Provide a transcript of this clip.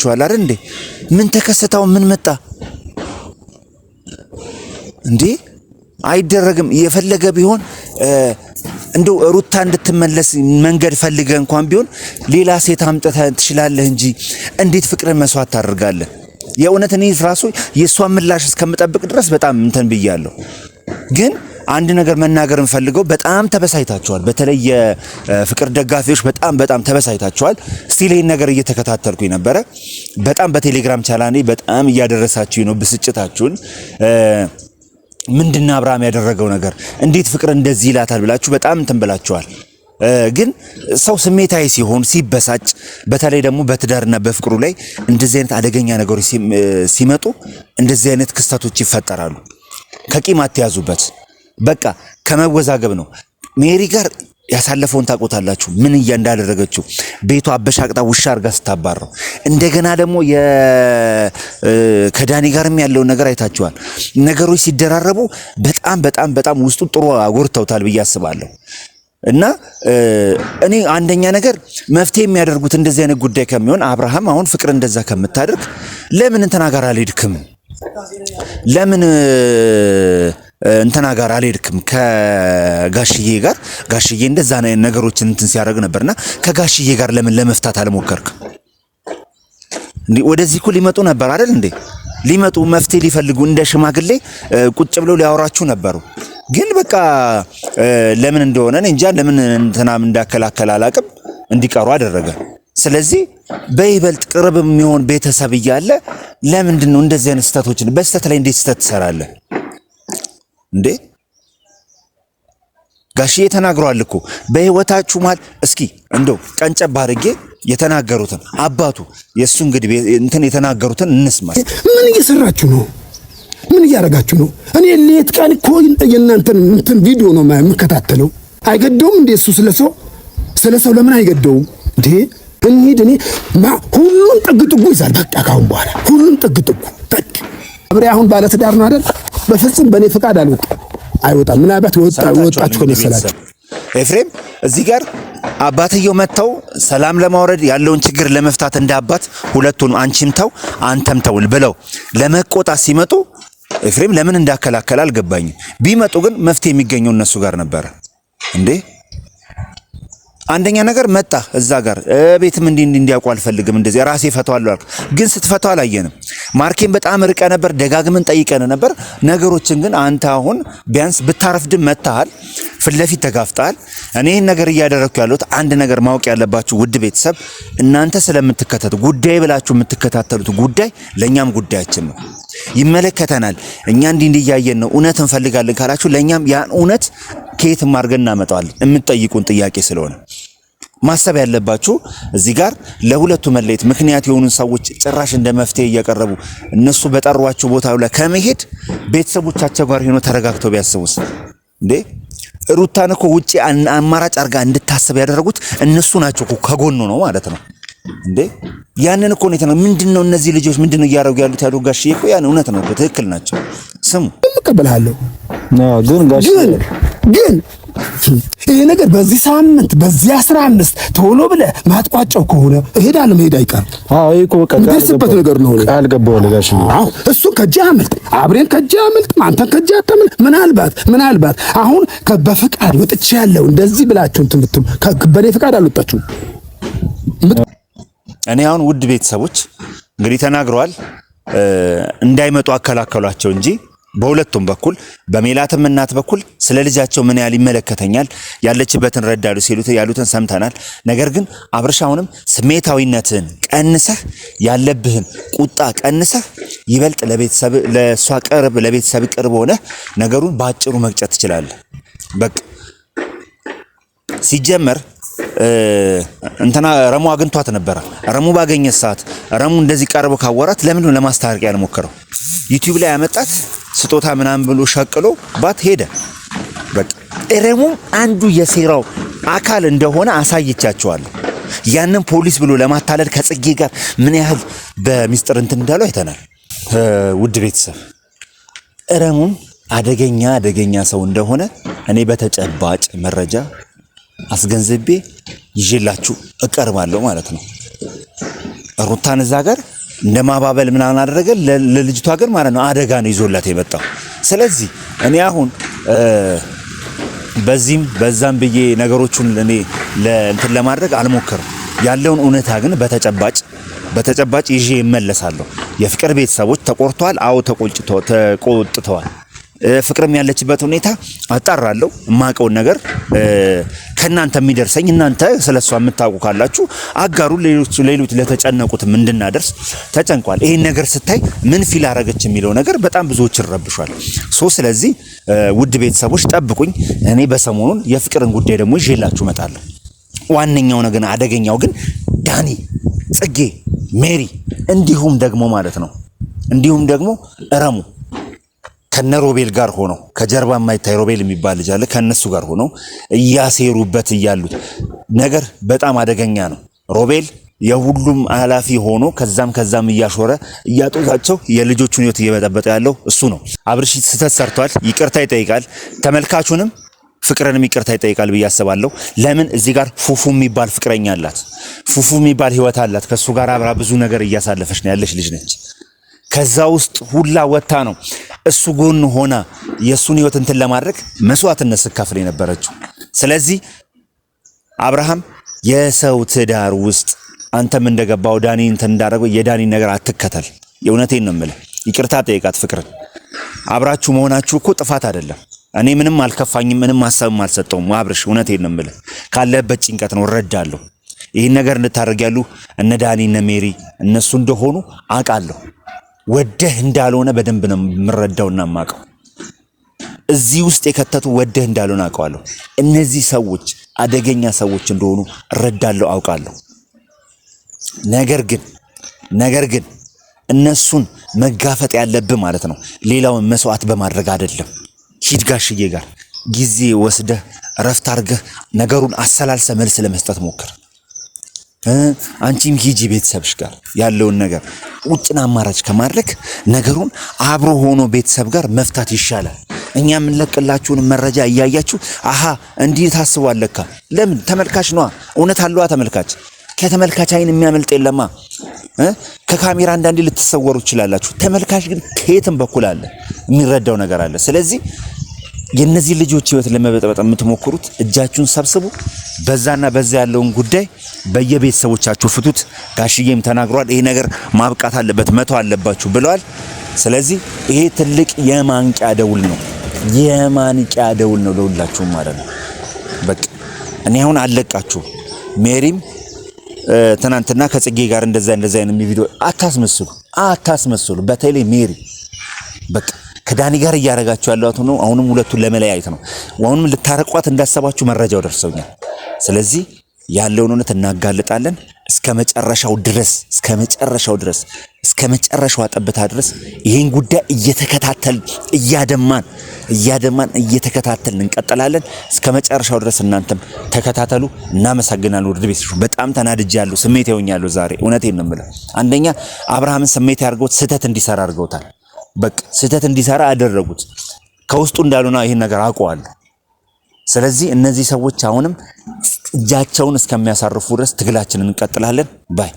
ችኋል አይደል እንዴ? ምን ተከሰተው ምን መጣ እንዴ? አይደረግም። የፈለገ ቢሆን እንደው ሩታ እንድትመለስ መንገድ ፈልገ እንኳን ቢሆን ሌላ ሴት አምጥተ ትችላለህ እንጂ እንዴት ፍቅርን መስዋዕት ታደርጋለህ? የእውነት እኔ ራሱ የእሷን ምላሽ እስከምጠብቅ ድረስ በጣም እንትን ብያለሁ ግን አንድ ነገር መናገር እንፈልገው። በጣም ተበሳይታችኋል። በተለይ የፍቅር ደጋፊዎች በጣም በጣም ተበሳይታችኋል። ስቲል ይህን ነገር እየተከታተልኩኝ ነበረ። በጣም በቴሌግራም ቻናሌ በጣም እያደረሳችሁ ነው ብስጭታችሁን። ምንድና አብርሃም ያደረገው ነገር? እንዴት ፍቅር እንደዚህ ይላታል ብላችሁ በጣም እንትን ብላችኋል። ግን ሰው ስሜታዊ ሲሆን ሲበሳጭ፣ በተለይ ደግሞ በትዳርና በፍቅሩ ላይ እንደዚህ አይነት አደገኛ ነገሮች ሲመጡ እንደዚህ አይነት ክስተቶች ይፈጠራሉ። ከቂም አትያዙበት። በቃ ከመወዛገብ ነው። ሜሪ ጋር ያሳለፈውን ታቆታላችሁ። ምን እያ እንዳደረገችው ቤቷ አበሻቅጣ ውሻ አርጋ ስታባረው፣ እንደገና ደግሞ ከዳኒ ጋርም ያለውን ነገር አይታችኋል። ነገሮች ሲደራረቡ በጣም በጣም በጣም ውስጡ ጥሩ አጎርተውታል ብዬ አስባለሁ። እና እኔ አንደኛ ነገር መፍትሄ የሚያደርጉት እንደዚህ አይነት ጉዳይ ከሚሆን አብርሃም አሁን ፍቅር እንደዛ ከምታደርግ ለምን እንትና ጋር አልሄድክም? ለምን እንትና ጋር አልሄድክም ከጋሽዬ ጋር ጋሽዬ እንደዛ ነገሮችን እንትን ሲያደርግ ነበርና ከጋሽዬ ጋር ለምን ለመፍታት አልሞከርክም? እንዴ ወደዚህ እኮ ሊመጡ ነበር አይደል እንዴ? ሊመጡ መፍትሄ ሊፈልጉ እንደ ሽማግሌ ቁጭ ብለው ሊያወራችሁ ነበሩ። ግን በቃ ለምን እንደሆነ እንጃ፣ ለምን እንትናም እንዳከላከል አላቅም እንዲቀሩ አደረገ። ስለዚህ በይበልጥ ቅርብ የሚሆን ቤተሰብ እያለ ለምንድን ነው እንደዚህ አይነት ስህተቶችን በስህተት ላይ እንዴት ስህተት ትሰራለህ? እንዴ ጋሽዬ ተናግረዋል እኮ በህይወታችሁ ማል እስኪ እንደው ቀንጨብ አድርጌ የተናገሩትን አባቱ የእሱ እንግዲህ እንትን የተናገሩትን እንስማ። ምን እየሰራችሁ ነው? ምን እያደረጋችሁ ነው? እኔ ሌት ቀን እኮ የእናንተን እንትን ቪዲዮ ነው የምከታተለው። አይገደውም እንዴ እሱ ስለ ሰው ስለ ሰው ለምን አይገደውም እንዴ? እንሂድ። እኔ ሁሉን ጥግጥጉ ይዛል። በቃ ካሁን በኋላ ሁሉን ጥግጥጉ በቃ አብሬ አሁን ባለትዳር ነው አይደል በፍጹም በእኔ ፍቃድ አልወጣም፣ አይወጣም። ምናልባት ወጣችሁ ከሆነ ይሰላል። ኤፍሬም እዚህ ጋር አባትየው መጥተው ሰላም ለማውረድ ያለውን ችግር ለመፍታት እንደ አባት ሁለቱን አንቺም ተው አንተም ተውል ብለው ለመቆጣት ሲመጡ ኤፍሬም ለምን እንዳከላከል አልገባኝም። ቢመጡ ግን መፍትሄ የሚገኘው እነሱ ጋር ነበረ እንዴ አንደኛ ነገር መጣ እዛ ጋር ቤትም እንዲ እንዲያውቁ አልፈልግም። እንደዚህ ራሴ ፈቷለሁ አልክ፣ ግን ስትፈቷ አላየንም። ማርኬን በጣም ርቀ ነበር፣ ደጋግመን ጠይቀን ነበር። ነገሮችን ግን አንተ አሁን ቢያንስ ብታረፍድ መታሃል፣ ፊት ለፊት ተጋፍጠሃል። እኔ ይህን ነገር እያደረግኩ ያለሁት አንድ ነገር ማወቅ ያለባችሁ ውድ ቤተሰብ፣ እናንተ ስለምትከታተሉ ጉዳይ ብላችሁ የምትከታተሉት ጉዳይ ለእኛም ጉዳያችን ነው፣ ይመለከተናል። እኛ እንዲ እንዲያየን ነው እውነት እንፈልጋለን ካላችሁ ለእኛም ያን እውነት ከየትም አድርገን እናመጣዋለን፣ የምትጠይቁን ጥያቄ ስለሆነ ማሰብ ያለባችሁ እዚህ ጋር ለሁለቱ መለየት ምክንያት የሆኑ ሰዎች ጭራሽ እንደ መፍትሄ እያቀረቡ እነሱ በጠሯቸው ቦታ ላይ ከመሄድ ቤተሰቦቻቸው ጋር ሆኖ ተረጋግተው ቢያስቡስ እንዴ? ሩታን እኮ ውጪ አማራጭ አርጋ እንድታስብ ያደረጉት እነሱ ናቸው እኮ ከጎኑ ነው ማለት ነው እንዴ? ያንን እኮ ነው። ምንድን ነው እነዚህ ልጆች ምንድን ነው እያደረጉ ያሉት? ያሉ ጋሽ እኮ ያን እውነት ነው፣ ትክክል ናቸው። ስሙ እቀበልሃለሁ ግን ይሄ ነገር በዚህ ሳምንት በዚህ አስራ አምስት ቶሎ ብለህ ማትቋጨው ከሆነ እሄዳለሁ። መሄድ አይቀርም። አዎ እኮ በቃ እንደርስበት ነገር ነው። ቃል ገባሁልህ ጋሽ። አዎ እሱን ከእጅህ አምልጥ፣ አብሬን ከእጅህ አምልጥ፣ አንተን ከእጅህ አታምልጥ። ምናልባት ምናልባት አሁን በፍቃድ ወጥቼ ያለው እንደዚህ ብላችሁን ትምትም በኔ ፍቃድ አልወጣችሁም። እኔ አሁን ውድ ቤተሰቦች እንግዲህ ተናግረዋል፣ እንዳይመጡ አከላከሏቸው እንጂ በሁለቱም በኩል በሜላትም እናት በኩል ስለ ልጃቸው ምን ያህል ይመለከተኛል ያለችበትን ረዳሉ ሲሉት ያሉትን ሰምተናል። ነገር ግን አብርሻውንም አሁንም ስሜታዊነትን ቀንሰህ ያለብህን ቁጣ ቀንሰህ ይበልጥ ለቤተሰብ ለእሷ ቅርብ ለቤተሰብ ቅርብ ሆነ ነገሩን በአጭሩ መቅጨት ትችላለህ። በቃ ሲጀመር እንትና ረሙ አግኝቷት ነበረ። ረሙ ባገኘት ሰዓት ረሙ እንደዚህ ቀርቦ ካወራት ለምንድን ነው ያልሞከረው? ዩቲዩብ ላይ ያመጣት ስጦታ ምናምን ብሎ ሸቅሎ ባት ሄደ። በቃ እረሙም አንዱ የሴራው አካል እንደሆነ አሳይቻቸዋለሁ። ያንን ፖሊስ ብሎ ለማታለል ከጽጌ ጋር ምን ያህል በሚስጥር እንትን እንዳለው አይተናል። ውድ ቤተሰብ እረሙም አደገኛ አደገኛ ሰው እንደሆነ እኔ በተጨባጭ መረጃ አስገንዝቤ ይዤላችሁ እቀርባለሁ ማለት ነው። ሩታን እዛ ጋር ለማባበል ምናምን አደረገ። ለልጅቷ ግን ማለት ነው አደጋ ነው ይዞላት የመጣው። ስለዚህ እኔ አሁን በዚህም በዛም ብዬ ነገሮቹን እኔ እንትን ለማድረግ አልሞክርም። ያለውን እውነታ ግን በተጨባጭ በተጨባጭ ይዤ ይመለሳለሁ። የፍቅር ቤተሰቦች ተቆርተዋል። አዎ ተቆጭተዋል፣ ተቆጥተዋል። ፍቅርም ያለችበት ሁኔታ አጣራለሁ። የማውቀውን ነገር ከእናንተ የሚደርሰኝ እናንተ ስለሷ የምታውቁ ካላችሁ አጋሩ፣ ሌሎች ለተጨነቁት ለተጨነቁትም እንድናደርስ ተጨንቋል። ይሄን ነገር ስታይ ምን ፊል አረገች የሚለው ነገር በጣም ብዙዎች ይረብሿል። ሶ ስለዚህ ውድ ቤተሰቦች ጠብቁኝ። እኔ በሰሞኑን የፍቅርን ጉዳይ ደግሞ ይዤላችሁ እመጣለሁ። ዋነኛው ነገር አደገኛው ግን ዳኒ፣ ጽጌ፣ ሜሪ እንዲሁም ደግሞ ማለት ነው እንዲሁም ደግሞ እረሙ ከነ ሮቤል ጋር ሆኖ ከጀርባ የማይታይ ሮቤል የሚባል ልጅ አለ። ከነሱ ጋር ሆኖ እያሴሩበት እያሉት ነገር በጣም አደገኛ ነው። ሮቤል የሁሉም ኃላፊ ሆኖ ከዛም ከዛም እያሾረ እያጦታቸው የልጆቹን ህይወት እየበጠበጠ ያለው እሱ ነው። አብርሽ ስህተት ሰርቷል፣ ይቅርታ ይጠይቃል። ተመልካቹንም ፍቅርንም ይቅርታ ይጠይቃል ብዬ አስባለሁ። ለምን እዚህ ጋር ፉፉ የሚባል ፍቅረኛ አላት፣ ፉፉ የሚባል ህይወት አላት። ከእሱ ጋር አብራ ብዙ ነገር እያሳለፈች ነው ያለች ልጅ ነች። ከዛ ውስጥ ሁላ ወታ ነው እሱ ጎን ሆና የእሱን ህይወት እንትን ለማድረግ መስዋዕትነት ስካፍል የነበረችው። ስለዚህ አብርሃም የሰው ትዳር ውስጥ አንተም እንደገባው ዳኒ እንትን እንዳደረገው የዳኒ ነገር አትከተል። የእውነቴን ነው የምልህ። ይቅርታ ጠይቃት ፍቅርን። አብራችሁ መሆናችሁ እኮ ጥፋት አይደለም። እኔ ምንም አልከፋኝም፣ ምንም ሀሳብም አልሰጠውም። አብርሽ እውነቴን ነው የምልህ። ካለህበት ጭንቀት ነው እረዳለሁ። ይህን ነገር እንድታደርግ ያሉ እነ ዳኒ እነ ሜሪ እነሱ እንደሆኑ አውቃለሁ። ወደህ እንዳልሆነ በደንብ ነው የምረዳውና የማውቀው። እዚህ ውስጥ የከተቱ ወደህ እንዳልሆነ አውቀዋለሁ። እነዚህ ሰዎች አደገኛ ሰዎች እንደሆኑ እረዳለሁ፣ አውቃለሁ። ነገር ግን ነገር ግን እነሱን መጋፈጥ ያለብህ ማለት ነው ሌላውን መስዋዕት በማድረግ አይደለም። ሂድ ጋሽዬ ጋር ጊዜ ወስደህ እረፍት አድርገህ ነገሩን አሰላልሰ መልስ ለመስጠት ሞክር። አንቺም ሂጂ ቤተሰብሽ ጋር ያለውን ነገር ውጭን አማራጭ ከማድረግ ነገሩን አብሮ ሆኖ ቤተሰብ ጋር መፍታት ይሻላል። እኛ የምንለቅላችሁን መረጃ እያያችሁ አሃ እንዲህ ታስቧለካ። ለምን ተመልካች ነዋ፣ እውነት አለዋ ተመልካች። ከተመልካች አይን የሚያመልጥ የለማ። ከካሜራ አንዳንዴ ልትሰወሩ ትችላላችሁ። ተመልካች ግን ከየትም በኩል አለ፣ የሚረዳው ነገር አለ። ስለዚህ የእነዚህ ልጆች ህይወት ለመበጥበጥ የምትሞክሩት እጃችሁን ሰብስቡ። በዛና በዛ ያለውን ጉዳይ በየቤተሰቦቻችሁ ፍቱት። ጋሽዬም ተናግሯል። ይሄ ነገር ማብቃት አለበት፣ መተው አለባችሁ ብለዋል። ስለዚህ ይሄ ትልቅ የማንቂያ ደውል ነው፣ የማንቂያ ደውል ነው ለሁላችሁም ማለት ነው። በቃ እኔ አሁን አለቃችሁ። ሜሪም ትናንትና ከጽጌ ጋር እንደዛ እንደዛ አይነት ቪዲዮ አታስመስሉ፣ አታስመስሉ። በተለይ ሜሪ በቃ ከዳኒ ጋር እያደረጋችሁ ያለዋት ነው። አሁንም ሁለቱን ለመለያየት ነው። አሁንም ልታረቋት እንዳሰባችሁ መረጃው ደርሰውኛል። ስለዚህ ያለውን እውነት እናጋልጣለን እስከ መጨረሻው ድረስ እስከ መጨረሻው ድረስ እስከ መጨረሻው ጠብታ ድረስ ይህን ጉዳይ እየተከታተል እያደማን እያደማን እየተከታተል እንቀጥላለን። እስከ መጨረሻው ድረስ እናንተም ተከታተሉ። እናመሰግናለን። ውድ ቤተሰቦች በጣም ተናድጄ ያለሁ ስሜት ይሆኛለሁ ዛሬ እውነቴን ነው የምለው። አንደኛ አብርሃምን ስሜት ያርገውት ስህተት እንዲሰራ አድርገውታል። በቃ ስህተት እንዲሰራ አደረጉት። ከውስጡ እንዳሉና ይህን ነገር አውቀዋለሁ። ስለዚህ እነዚህ ሰዎች አሁንም እጃቸውን እስከሚያሳርፉ ድረስ ትግላችንን እንቀጥላለን ባይ